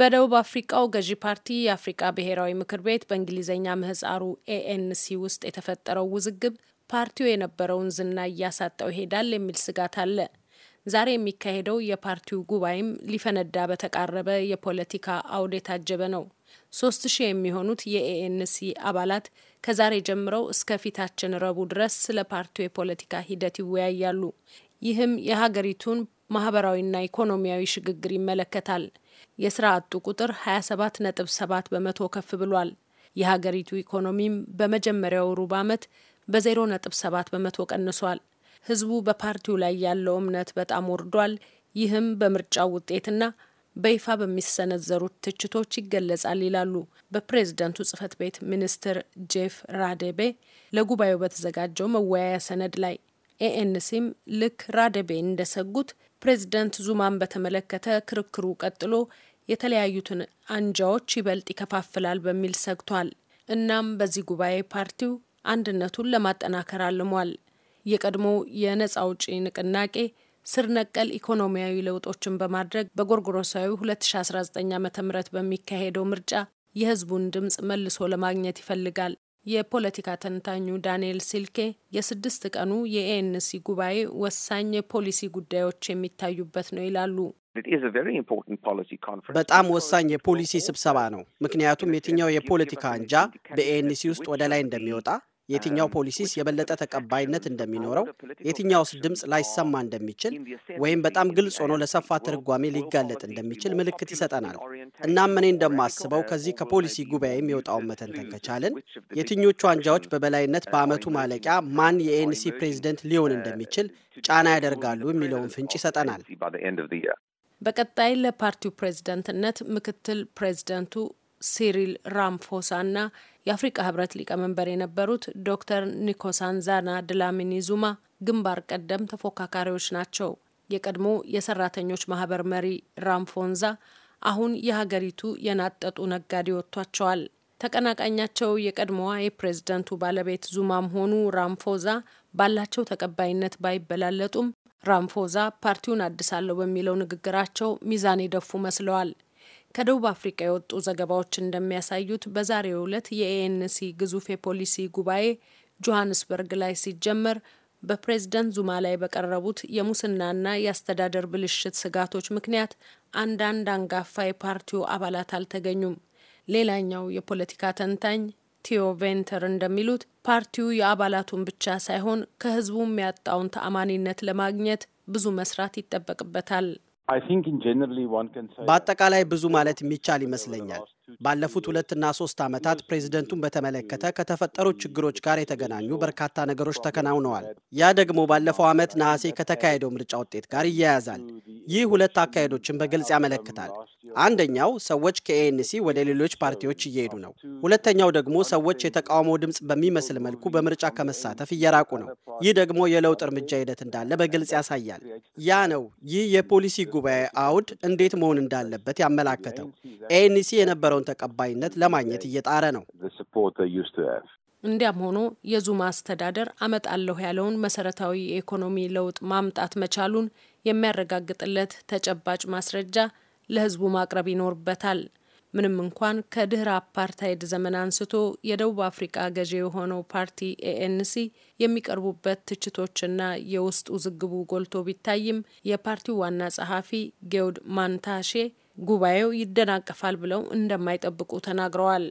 በደቡብ አፍሪቃው ገዢ ፓርቲ የአፍሪቃ ብሔራዊ ምክር ቤት በእንግሊዝኛ ምህጻሩ ኤኤንሲ ውስጥ የተፈጠረው ውዝግብ ፓርቲው የነበረውን ዝና እያሳጠው ይሄዳል የሚል ስጋት አለ። ዛሬ የሚካሄደው የፓርቲው ጉባኤም ሊፈነዳ በተቃረበ የፖለቲካ አውድ የታጀበ ነው። ሶስት ሺህ የሚሆኑት የኤኤንሲ አባላት ከዛሬ ጀምረው እስከ ፊታችን ረቡዕ ድረስ ስለ ፓርቲው የፖለቲካ ሂደት ይወያያሉ። ይህም የሀገሪቱን ማህበራዊና ኢኮኖሚያዊ ሽግግር ይመለከታል። የስራ አጡ ቁጥር 27.7 በመቶ ከፍ ብሏል። የሀገሪቱ ኢኮኖሚም በመጀመሪያው ሩብ ዓመት በ0.7 በመቶ ቀንሷል። ህዝቡ በፓርቲው ላይ ያለው እምነት በጣም ወርዷል። ይህም በምርጫው ውጤትና በይፋ በሚሰነዘሩት ትችቶች ይገለጻል ይላሉ በፕሬዝደንቱ ጽህፈት ቤት ሚኒስትር ጄፍ ራዴቤ ለጉባኤው በተዘጋጀው መወያያ ሰነድ ላይ ኤኤንሲም ልክ ራደቤን እንደሰጉት ፕሬዚደንት ዙማን በተመለከተ ክርክሩ ቀጥሎ የተለያዩትን አንጃዎች ይበልጥ ይከፋፍላል በሚል ሰግቷል። እናም በዚህ ጉባኤ ፓርቲው አንድነቱን ለማጠናከር አልሟል። የቀድሞ የነጻ አውጪ ንቅናቄ ስር ነቀል ኢኮኖሚያዊ ለውጦችን በማድረግ በጎርጎሮሳዊ 2019 ዓ ም በሚካሄደው ምርጫ የህዝቡን ድምፅ መልሶ ለማግኘት ይፈልጋል። የፖለቲካ ተንታኙ ዳንኤል ሲልኬ የስድስት ቀኑ የኤንሲ ጉባኤ ወሳኝ የፖሊሲ ጉዳዮች የሚታዩበት ነው ይላሉ። በጣም ወሳኝ የፖሊሲ ስብሰባ ነው። ምክንያቱም የትኛው የፖለቲካ አንጃ በኤንሲ ውስጥ ወደ ላይ እንደሚወጣ የትኛው ፖሊሲስ የበለጠ ተቀባይነት እንደሚኖረው፣ የትኛውስ ድምፅ ላይሰማ እንደሚችል ወይም በጣም ግልጽ ሆኖ ለሰፋ ትርጓሜ ሊጋለጥ እንደሚችል ምልክት ይሰጠናል። እናም እኔ እንደማስበው ከዚህ ከፖሊሲ ጉባኤ የሚወጣውን መተንተን ከቻልን የትኞቹ አንጃዎች በበላይነት በዓመቱ ማለቂያ ማን የኤንሲ ፕሬዚደንት ሊሆን እንደሚችል ጫና ያደርጋሉ የሚለውን ፍንጭ ይሰጠናል። በቀጣይ ለፓርቲው ፕሬዝደንትነት ምክትል ፕሬዝደንቱ ሲሪል ራምፎሳና የአፍሪቃ ህብረት ሊቀመንበር የነበሩት ዶክተር ኒኮሳንዛና ድላሚኒ ዙማ ግንባር ቀደም ተፎካካሪዎች ናቸው። የቀድሞ የሰራተኞች ማህበር መሪ ራምፎንዛ አሁን የሀገሪቱ የናጠጡ ነጋዴ ወጥቷቸዋል። ተቀናቃኛቸው የቀድሞዋ የፕሬዝደንቱ ባለቤት ዙማም ሆኑ ራምፎዛ ባላቸው ተቀባይነት ባይበላለጡም ራምፎዛ ፓርቲውን አድሳለሁ በሚለው ንግግራቸው ሚዛን የደፉ መስለዋል። ከደቡብ አፍሪካ የወጡ ዘገባዎች እንደሚያሳዩት በዛሬው ዕለት የኤኤንሲ ግዙፍ የፖሊሲ ጉባኤ ጆሃንስበርግ ላይ ሲጀመር በፕሬዝደንት ዙማ ላይ በቀረቡት የሙስናና የአስተዳደር ብልሽት ስጋቶች ምክንያት አንዳንድ አንጋፋ የፓርቲው አባላት አልተገኙም። ሌላኛው የፖለቲካ ተንታኝ ቲዮ ቬንተር እንደሚሉት ፓርቲው የአባላቱን ብቻ ሳይሆን ከህዝቡ የሚያጣውን ተአማኒነት ለማግኘት ብዙ መስራት ይጠበቅበታል። በአጠቃላይ ብዙ ማለት የሚቻል ይመስለኛል። ባለፉት ሁለትና ሶስት ዓመታት ፕሬዚደንቱን በተመለከተ ከተፈጠሩ ችግሮች ጋር የተገናኙ በርካታ ነገሮች ተከናውነዋል። ያ ደግሞ ባለፈው ዓመት ነሐሴ ከተካሄደው ምርጫ ውጤት ጋር ይያያዛል። ይህ ሁለት አካሄዶችን በግልጽ ያመለክታል። አንደኛው ሰዎች ከኤንሲ ወደ ሌሎች ፓርቲዎች እየሄዱ ነው። ሁለተኛው ደግሞ ሰዎች የተቃውሞ ድምፅ በሚመስል መልኩ በምርጫ ከመሳተፍ እየራቁ ነው። ይህ ደግሞ የለውጥ እርምጃ ሂደት እንዳለ በግልጽ ያሳያል። ያ ነው ይህ የፖሊሲ ጉባኤ አውድ እንዴት መሆን እንዳለበት ያመላከተው። ኤንሲ የነበረውን ተቀባይነት ለማግኘት እየጣረ ነው። እንዲያም ሆኖ የዙማ አስተዳደር አመጣለሁ ያለውን መሰረታዊ የኢኮኖሚ ለውጥ ማምጣት መቻሉን የሚያረጋግጥለት ተጨባጭ ማስረጃ ለህዝቡ ማቅረብ ይኖርበታል። ምንም እንኳን ከድህረ አፓርታይድ ዘመን አንስቶ የደቡብ አፍሪቃ ገዢ የሆነው ፓርቲ ኤኤንሲ የሚቀርቡበት ትችቶችና የውስጥ ውዝግቡ ጎልቶ ቢታይም የፓርቲው ዋና ጸሐፊ ጌውድ ማንታሼ ጉባኤው ይደናቀፋል ብለው እንደማይጠብቁ ተናግረዋል።